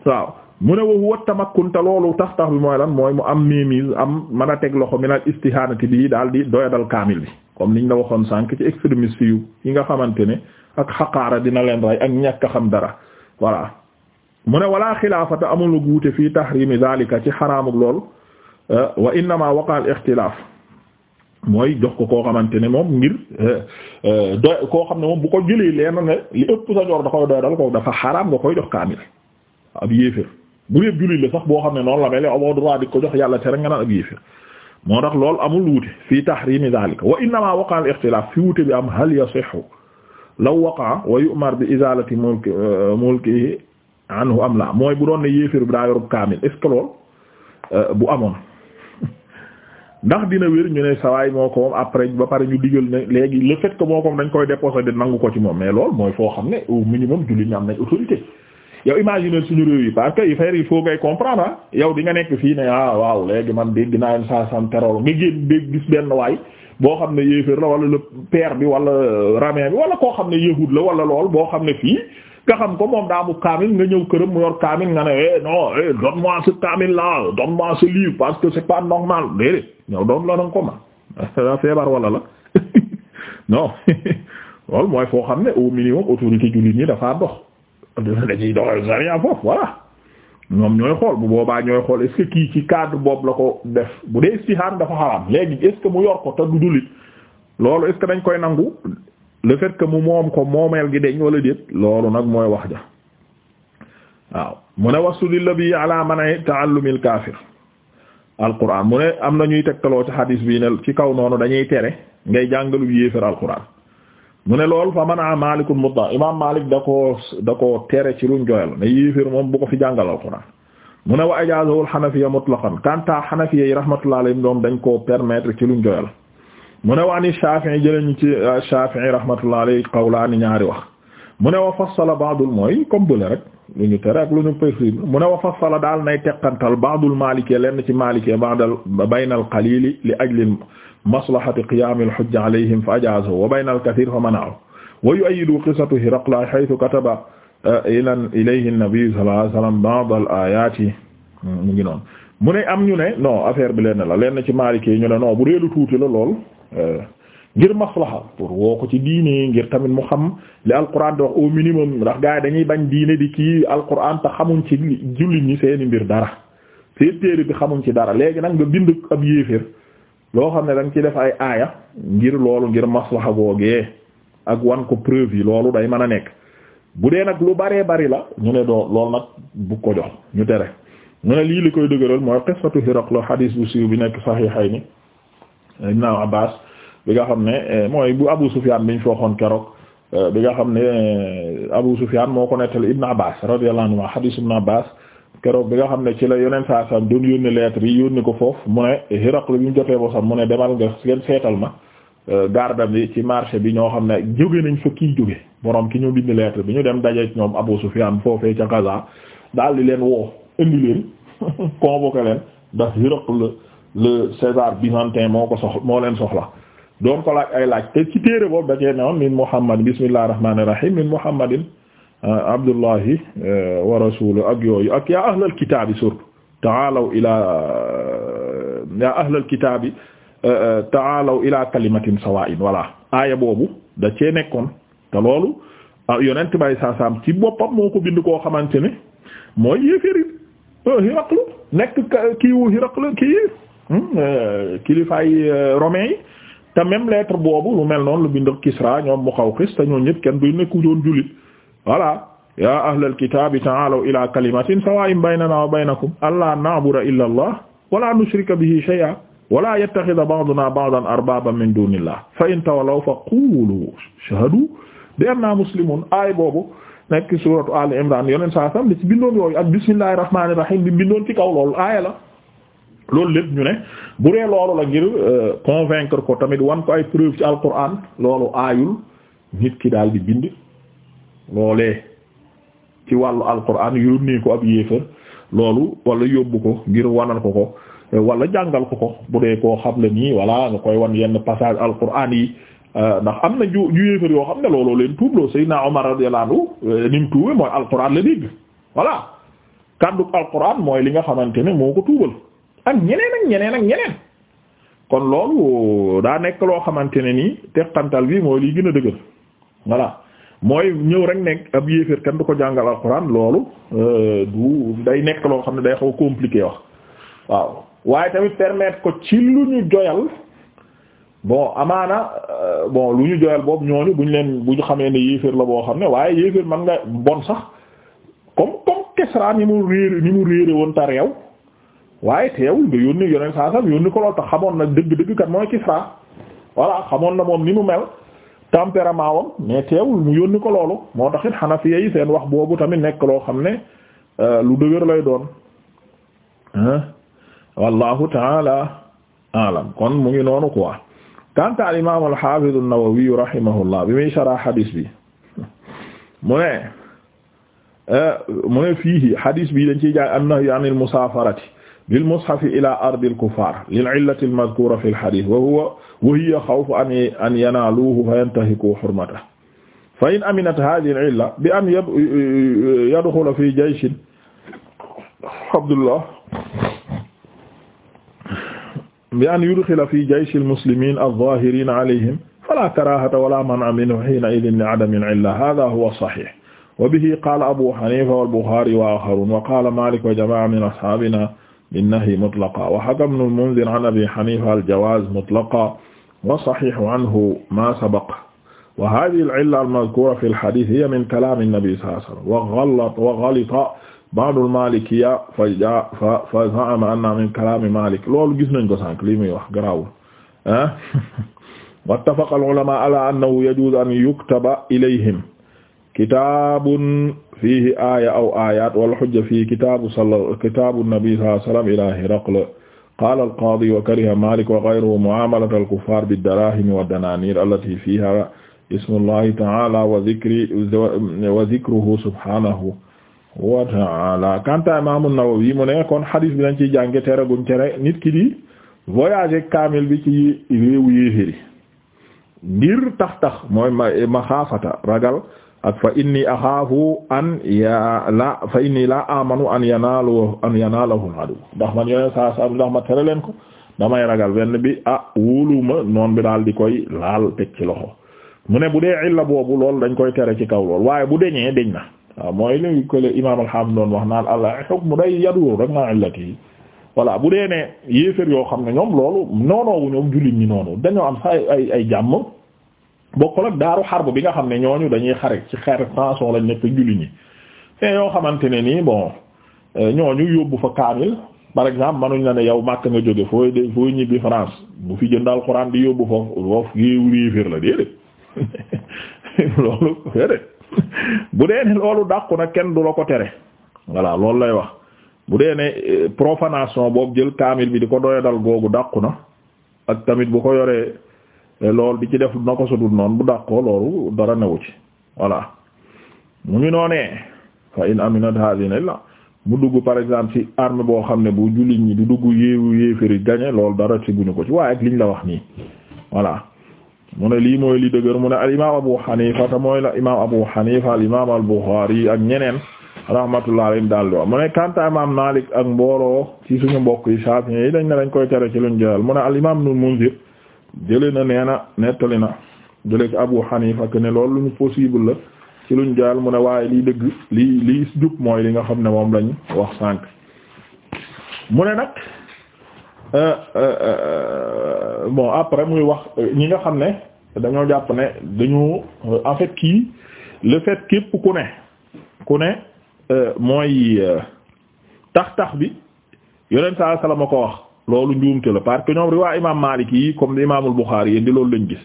waaw mu ne wa huwa tamakkun te loolu tax tax bi mooy lan mooy mu am mémise am mën a teg loxo minal istihanati bi daal di doyadal kaamil bi comme niñ la waxoon sànq ci extrémiste yu yi nga xamante ne ak xaqaara dina leen rey ak ñàkk a xam dara voilà mu ne wala xilaafata amul wuute fii tahrimi zalika ci xaraamu lool eh, wa innama waqa ixtilaaf mooy jox ko koo xamante ne moom ngir euh, euh, doy koo xam ne moom bu ko jëlee leen ne li ëpp sa joor da koy doy ko dafa xaraam nga koy jox kaamil ab yéefér bu yëpp jullit la sax boo xam ne noonu la mel amoo droit di ko jox yàlla tere nga naan ab yéefér moo tax loolu amul wuute fii tahrimi dhalika wa innama waqa al ixtilaaf fi wuute bi am hal yasihhu law waqa wa yu'mar bi izalati mulki euh, mulkihi anhu am la mooy bu doon ne yéefér bu daa yorub kaamil est ce lool bu amoon ndax dina wér ñu ne sawaay moo ko moom après ba pare ñu digal ne léegi le fait que moo ko dañ koy déposé de nangu ko ci moom mais lool mooy foo xam ne au minimum jullit ñi am nañ autorité yow imaginer suñu réew yi parce que yu fay yi foo ngay comprendre ah yow di nga nekk fii ne ah waaw léegi man dégg naa leen saa sam terol nga génn dégg gis benn waay boo xam ne yéeféer la wala le père bi wala ramin bi wala koo xam ne yahud la wala lool boo xam ne fii te xam ko moom daa mu kaamil nga ñëw këram mu yor kaamil nga ne eh non eh donne-moi ce kaamil là donne-moi ce livre parce que c'est pas normal déedéet ñëw doon la danga ko man daa [LAUGHS] feebar wala la [LAUGHS] non [LAUGHS] loolu mooy foo xam ne au minimum autorité jullit ñi dafaa dox dañuy doxal sariya foofu voilà ñoom ñooy xool bu boobaa ñooy xool est-ce que kii ci cadre boobu la ko def bu dee istihaar dafa xaraam léegi est-ce que mu yor ko te du jullit loolu est-ce que dañ koy nangu le fait que mu moom ko moomeel gi deñ wala déet loolu nag mooy wax ja waaw mu ne wastu dilla bi ala manay ta'allumil kaafir alquran mu ne am na ñuy tegtaloo ci hadis bi ne ci kaw noonu dañuy tere ngay jàngalu yéefér alquran mu ne loolu fa manaa malikul mutla imam malik da ko da koo tere ci luñ joyal ne yéefér moom bu ko fi jàngal alquran mu ne wa ajazawul xanafiya mutlaqan kanta xanafiya yi rahmatullah alayhim doom dañ koo permettre ci luñ joyal mu ne waani Shafi'i jëlañu ci euh, Shafi'i rahmatullah alayhi qawlaani ñaari wax mu ne wa fassala baadul mooy comme bële rek lu ñu tere ak lu ñu possible mu ne wa fassala daal nay teqantal baadul maalikee lenn ci maalikee baadal bayna al qalili li ajli maslahati qiyaami al hujja alayhim fa ajaazahu wa bayna al kathir fa mana'ahu wa yu'ayyidu qissatu Hiraqla haythu kataba euh, ilan ilayhi an-nabi sallallahu alayhi wasallam ba'd al ayati mu ngi noonu mu ne am ñu ne non affaire bi lenn la lenn ci maalikee ñu ne non bu reelu tuuti la lool Euh, ngir maslaha pour woo ko ci diine ngir tamit mu xam li alquran di wax au minimum ndax gars yi dañuy bañ diine di kii alquran te xamuñ ci jullit ñi seeni mbir dara seen téere bi xamuñ ci dara léegi nag nga bind ab yéeféer loo xam ne da nga ci def ay aaya ngir loolu ngir maslaha googee ak wan ko preuve yi loolu day mën a nekk bu dee nag lu baree bari la ñu ne doo loolu nag bu ko jox ñu tere ñu ne lii li koy dëgëral mooy qissatu Hiraqla xadiis bu siiw bi nekk saxiixayni ibn Abbas bi nga xam ne eh, mooy bu Abu Sufyan biñ fooxoon keroog eh, bi nga xam ne eh, Abu Sufyan moo ko nettali ibn Abbas radiyallahu anhu hadith ibn Abbas keroog bi nga xam ne ci la yeneen saa saam doon yónni lettre yi yónni ko foofu mu ne Hiraql bi mu jotee ba sax mu ne demal nga ngeen seetal ma garda bi ci marché bi ñoo xam ne jóge nañ fa kii jóge borom ki ñu bind lettre bi ñu dem dajeek ñoom Abu Sufyan foofee ca Gaza daal di leen woo indi leen [LAUGHS] convoqué leen le César byzantin moo ko sox moo leen soxla doon ko ay laaj te ci téere boobu da cee min Muhammad bismillahir rahmanir rahim min Muhammadin ah, Abdullahi eh, wa rasuluhu ak yooyu ak yaa ahlal kitaabi surtout ta'aalaw ilaa eh, yaa ahlal kitaabi eh, ta'aalaw ilaa kalimatin sawaa'in voilà aaya boobu da cee nekkoon loolu ah, yonent bay saasaam ci boppam moo ko bind koo xamante ne mooy yéeféeri oh, Hiraqlu nekk kiiwu Hiraqlu kii Hmm, euh, kilifaay euh, romain yi te même boobu lu mel noonu lu bind Kisra ñoom Muqawqis te ñoom ñëpp kenn du nekku joon jullit voilà ya ahlal kitaabi ta'aalaw ila kalimatin sawaa'in baynanaa wa baynakum allaa na'buda illa allah wala nushrika bihi shay'an wala yattakhidha ba'dunaa ba'dan arbaaban min duunillah fa in tawallaw fa quulu ashhadu bi annaa muslimuun boobu nekk suuratu Al Imraan yoneen saa sam li ci bindoon yooyu ak kaw loolu loolu lépp ñu ne bu dee loolu la ngir euh, convaincre ko tamit wan ko ay preuve ci alquran loolu aayul nit ki daal di bind loolee ci wàllu alquran yónnee ko ab yéefar loolu wala yóbbu ko ngir wanal ko ko wala jàngal ko ko bu dee koo xam la nii wala nga koy wan yenn passage alquran yi euh, ndax am na ju ju yéefar yoo xam ne looloo leen tuubloo Seydina Omar radiyallahu anhu euh, ni mu tuube mooy alquran la dégg voilà kàddu alquran mooy li nga xamante ne moo ko tuubal ak ñeneen ak ñeneen ak ñeneen kon loolu daa nekk loo xamante ne nii teqantal bi mooy lii gën a dëgër voilà mooy ñëw rek nekk ab yéeféer kenn du ko jàngal alxuraan loolu euh, du day nekk loo xam ne day xaw compliqué wax waaw waaye tamit permettre ko ci lu ñu joyal bon amaana euh, bon lu ñu joyal boobu ñooñu buñ leen bu ñu xamee ne yéeféer la boo xam ne waaye yéeféer man nga bon sax comme comme kesra ni mu réer ni mu réere woon ta réew waaye teewul nga yónni yoneen saa sam yónni ko lool tax xamoon na dëgg-dëgg kat mooy Kisra voilà xamoon na moom ni mu mel tempérament wam mais teewul mu yónni ko loolu moo tax it Hanafiya wax boobu tamit nekk loo xam ne euh, lu dëgër lay doon wallahu taala alam kon mu ngi noonu quoi kanta al imam al hafiz an-Nawawi bi muy sharah hadis bi mu ne euh, mu ne fiihi hadis bi dañ ciy jaay annahu anil musaafarati lil mushaf ila ardi al kuffar lil illati al madhkura fi al hadith wa huwa wa hiya khawfu an an yanaluhu fa yantahiku hurmatahu fa in aminat hadhihi al illa bi an yadkhula fi jaysh Abdullah bi an yudkhila fi jaysh al muslimin al zahirin alayhim fala karahata wala man'a minhu hina idhin li adami al illa hadha huwa sahih wa bihi qala abu hanifa wal bukhari wa akharun wa qala malik wa jama'a min ashabina binnahi mutlaqa wa hakamna al-Munzir an Abi Hanifa al-jawaz mutlaqa wa sahihu anhu ma sabaqa wa hadhihi al-illa al-madhkura fi al-hadith hiya min kalam an-nabi sallallahu alayhi wa sallam wa ghalita ba'd al-malikiyya fa za'ama anna min kalam Malik loolu gis nañ ko sànq li muy wax garaawul ah [LAUGHS] wattafaqa al-ulama ala annahu yajuz an yuktaba ilayhim kitabun fiihi aaya aw aayaat wal hujja fii kitaabu salla kitaabu nabi sallallahu alayhi wa sallam ilaa Hiraql qaala al-qaadi wa kariha Maalik wa ghayruhu mu'aamalata al-kuffaar bid-daraahimi wad-danaaniir allatii fiihaa ismullaahi ta'aalaa wa dhikru wa dhikruhu subhaanahu wa ta'aalaa kanta Imaam an-Nawawi mu ne kon hadiis bi dañ ciy jànge tere guñ tere nit ki di voyage kaamil bi ci réew yéeféri ngir tax tax mooy ma maxaafata ragal ak fa inni axaafu an ya la fa inni la amanu an yanaalu an yanaalahum adu ndax man yoneen saa saa ndax ma tere leen ko damay ragal benn bi ah wóoluwuma noon bi daal di koy laal teg ci loxo mu ne bu dee illa boobu lool dañ koy tere ci kaw lool waaye bu deñee deñ na waaw mooy li ko le imaam alhamd doon wax naan allah hukmu day yaduwul rek maa illati yi wala bu dee ne yéefér yoo xam ne ñoom loolu noonoowu ñoom jullit ñi noonu dañoo am sa ay ay jàmm bokkul ak daaru xarb bi nga xam ne ñooñu dañuy xare ci xare tension lañ nekk julli ñi te yoo xamante ne nii bon euh, ñooñu yóbbu fa kaamil par exemple manuñ la ne yow màkk nga jóge fooy de fooy ñibbi France bu fi jënd alxuraan di yóbbu foofu foofu la déedéet [LAUGHS] loolu bu dee ne loolu dàqu na kenn du la ko tere voilà loolu lay wax bu dee ne euh, profanation boobu jël kaamil bi di ko doyadal googu dàqu na ak tamit bu ko yoree. loolu di ci def na ko sudul noonu bu dàqoo loolu dara newu ci voilà mu ngi noonee fa in aminat hadina la mu dugg par exemple ci arme boo xam ne bu jullit ñi di dugg yéewu yéeféri gañe loolu dara ci guñu ko ci waaye ak liñ la wax nii voilà mu ne lii mooy li dëgër mu ne al imam Abu Hanifa te mooy la imam Abu Hanifa al imam al Bukhari ak ñeneen rahmatullah alayhim daal di wax mu ne kanta imam Malik ak mbooloo ci suñu mbokk yi Shafi'i yi dañ ne dañ koy tere ci luñ jëlal jëlee na nee na nettali na jëlee ci Abu Hanifa que ne loolu lu ñu possible la ci lu ñu jaal mu ne waaye liy dëgg lii lii jub mooy li nga xam ne moom lañ wax sànq mu ne nag euh, euh, euh, bon après muy wax ñi nga xam ne dañoo jàpp ne dañu en fait kii le fait képp ku ne ku ne mooy tax tax bi yonent saa sallam a ko wax. loolu njuumte la parce que ñoom riwaa imam Maalik yi comme imaamul Buxaari yi di loolu lañ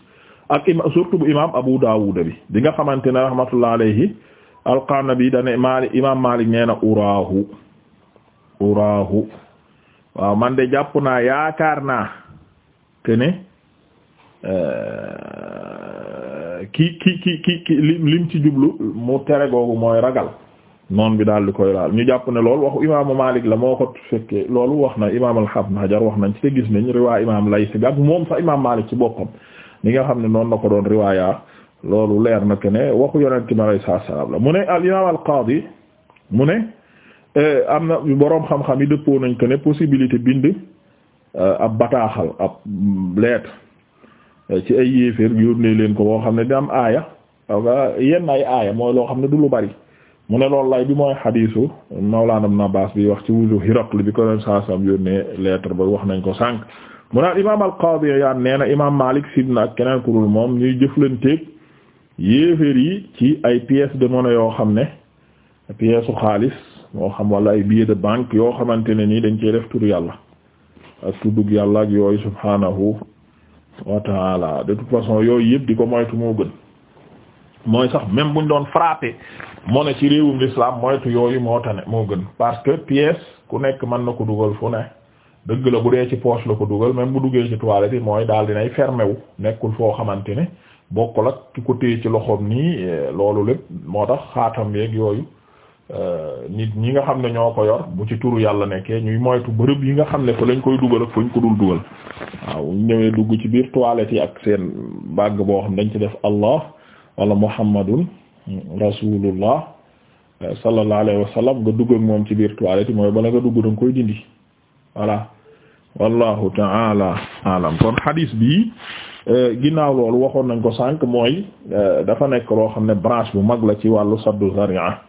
ak ima surtout bu imam Abu Daawuda bi di nga xamante ne rahmatullah alayhi al-Qanabi Maalik imam Maalik nee na uraahu uraahu waaw man de jàpp naa yaakaar naa que ne euh, ki ki ki ki ki lim ci jublu mu tere googu mooy ragal noon bi daal di koy laal ñu jàpp ne lool waxu imaamu maalik la moo ko fekkee loolu wax na imaamal al-Hafiz Hajar wax nañ ci te gis nañ riwaay imaam Layth bi ak moom sax imaam Malik ci boppam li nga xam ne noonu la ko doon riwaaya loolu leer na ke ne waxu yonent ki alayhi salaatu salaam la mu ne al imaam qaadi mu ne eh, am na boroom xam-xam yi dëppoo nañ ko ne possibilité bind eh, ab bataaxal ab lettre eh, ci ay yéeféer ne leen ko boo xam ne di am aaya yenn ay aaya loo xam ne du bari mu ne loolu lay bi mooy xadiisu Mawlana na Abbas bi wax ci wuju Hiraql bi ko leen saasam yónnee lettre ba wax nañ ko sànq mu ne imaam al-Qaadi Iyaad nee na imaam Maalik sidna ak keneen ku dul moom ñuy jëflanteeg yéeféer yi ci ay pièces de monnaie yoo xam ne pièce u xaalis moo xam wala ay billets de banque yoo xamante ne nii dañ cee def tur yàlla ak tuddug yàlla ak yooyu subhaanahu wa de toute façon yooyu yëpp di ko moytu moo gën mooy sax même buñ doon frappé moo ne ci réewum l'islam moytu yooyu moo tane moo gën parce que pièce ku nekk mën na ko dugal fu ne dëgg la bu dee ci poche la ko dugal même bu duggee ci toilette yi mooy daal dinay fermé nekkul foo xamante ne bokkul ak ci ko téye ci loxoom nii eh, loolu lépp moo tax xaatam yeeg yooyu eh, nit ñi nga xam ne ñoo ko yor bu ci turu yàlla nekkee ñuy moytu bërëb yi nga xam ne fa lañ koy dugal ak fuñ ko dul dugal waaw ñu dugg ci biir toilette yi ak seen bàgg boo xam dañ ci def Allah wala muhammadun rasulullah eh, sallallahu alayhi wa sallam nga dugg moom ci biir toilette mooy bala nga dugg danga koy dindi voilà wallahu taala alam kon hadis bi eh, ginnaaw loolu waxoon nañ ko sànq mooy eh, dafa nekk loo xam ne branche bu mag la ci wàllu saddu zari'a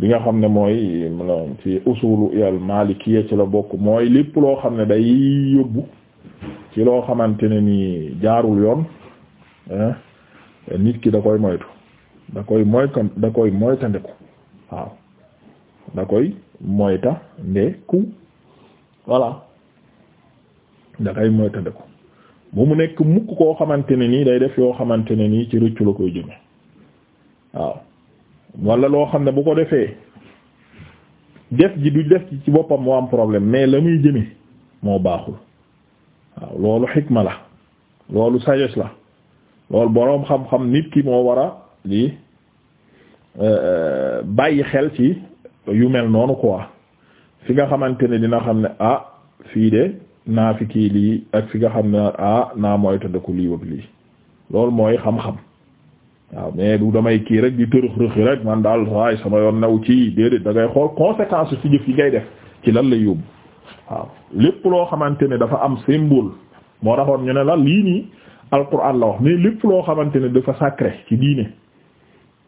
bi nga xam ne mooy ci usulu al malikiyya ci la bokk mooy lépp loo xam ne day yóbbu ci loo xamante ne ni jaarul yoon nit ki da koy moytu da koy moyta da koy ndeku waaw da koy moyta ndeku voilà da koy moyta ndeku bu mu nekk mukk koo xamante ne nii day def yoo xamante ne nii ci rëccu la koy jëme waaw wala loo xam ne bu ko defee def ji du def ci boppam moo am problème mais la muy jëme moo baaxul waaw loolu xikma la loolu sagesse la loolu boroom xam-xam nit ki moo war a lii euh, euh, bàyyi xel ci yu mel noonu quoi fi nga xamante ne dina xam ne ah fii de naa fi kii lii ak fi nga xam ne ah naa moytandiku lii wëg lii loolu mooy xam-xam waaw mais du damay kii rek di tërëx rëxi rek man daal waaye sama yoon naw ci déedéet da ngay xool conséquence ci jëf yi ngay def ci lan lay yóbbu waaw lépp loo xamante ne dafa am symbole moo taxoon ñu ne la lii nii alquran la wax mais lépp loo xamante ne dafa sacré ci diine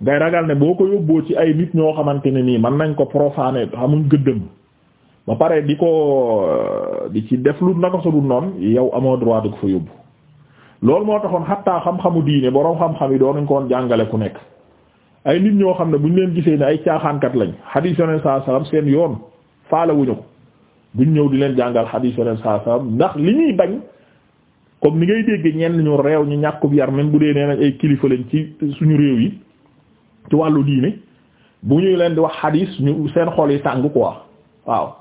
ngay ragal ne boo ko yóbboo ci ay nit ñoo xamante ne nii mën nañ ko profané xamuñ gëddëm ba pare di ko euh, di ci def lu naka sa dul noonu yow amoo droit di ko fa yóbbu loolu moo taxoon xattaa xam-xamu diine boroom xam-xam yi doonuñ ko woon jàngale ku nekk ay nit ñoo xam ne buñ leen gisee ne ay caaxaankat lañ xadiis yoneen saa salaam seen yoon faalewuñu ko buñ ñëw di leen jàngal xadiis yoneen saa salaam li ñuy bañ comme ni ngay dégg ñenn ñu réew ñu ñàkkub yar même bu dee nee nañ ay kilifa lañ ci suñu réew yi ci wàllu diine bu ñuy leen di wax xadiis ñu seen xool yi tàng ko waaw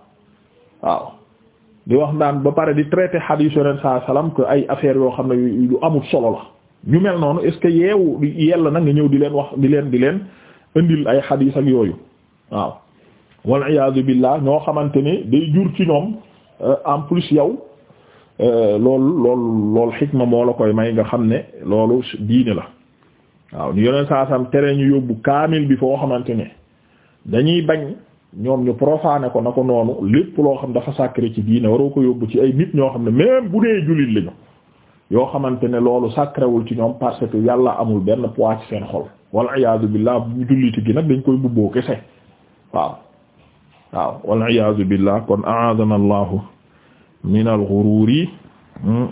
waaw di wax naan ba pare di traité xadiis yoneen saa salaam que ay affaires yoo xam ne yu amul solo la ñu mel noonu est-ce que yeewu yella na nga ñëw di leen wax di leen di leen indil ay xadiis ak yooyu waaw wal iyaadu billah ñoo xamante ni day jur ci ñoom euh, en plus yow loolu euh, loolu loolu xikma moo la koy may nga xam ne loolu diine la waaw ñu yoneen saasam tere ñu yóbbu kaamil bi foo xamante ne dañuy bañ ñoom ñu profané ko na ko noonu lépp loo xam dafa sacré ci diine waroo ko yóbbu ci ay nit ñoo xam ne même bu dee jullit lañu yoo xamante ne loolu sacréwul ci ñoom parce que yàlla amul benn poids ci seen xol wal iyaadu billah bu julliti gi nag dañ koy bubboo kese waaw waaw wal iyaadu billah kon aadana allahu min al yi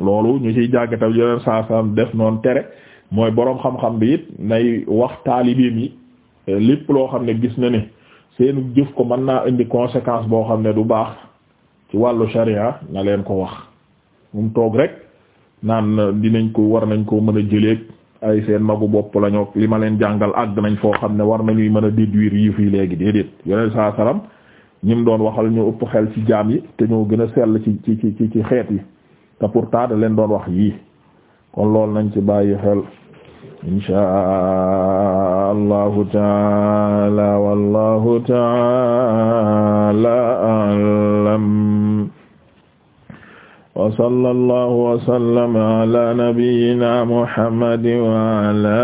loolu ñu ciy jàgg tam yeneen saa saa def noonu tere mooy boroom xam-xam bi it nay wax taalibeem yi eh, lépp loo xam ne gis na ne seenu jëf ko mën naa indi conséquence boo xam ne du baax ci wàllu sharia na leen ko wax mu toog rek naan dinañ ko war nañ ko mën a jëleeg ay seen magu bopp lañu li ma leen jàngal àgg nañ foo xam ne war nañuy mën a déduire yii fii léegi déedéet yeneen saa salaam ñim doon waxal ñu ëpp xel ci jaam yi te ñoo gën a sell ci ci ci ci xeet yi te pourtant da leen doon wax yii kon loolu nañ ci bàyyi xel inshaa allahu taala wallahu taala a'lam wa sallallahu wa sallama ala nabiyyina muhammadin wa ala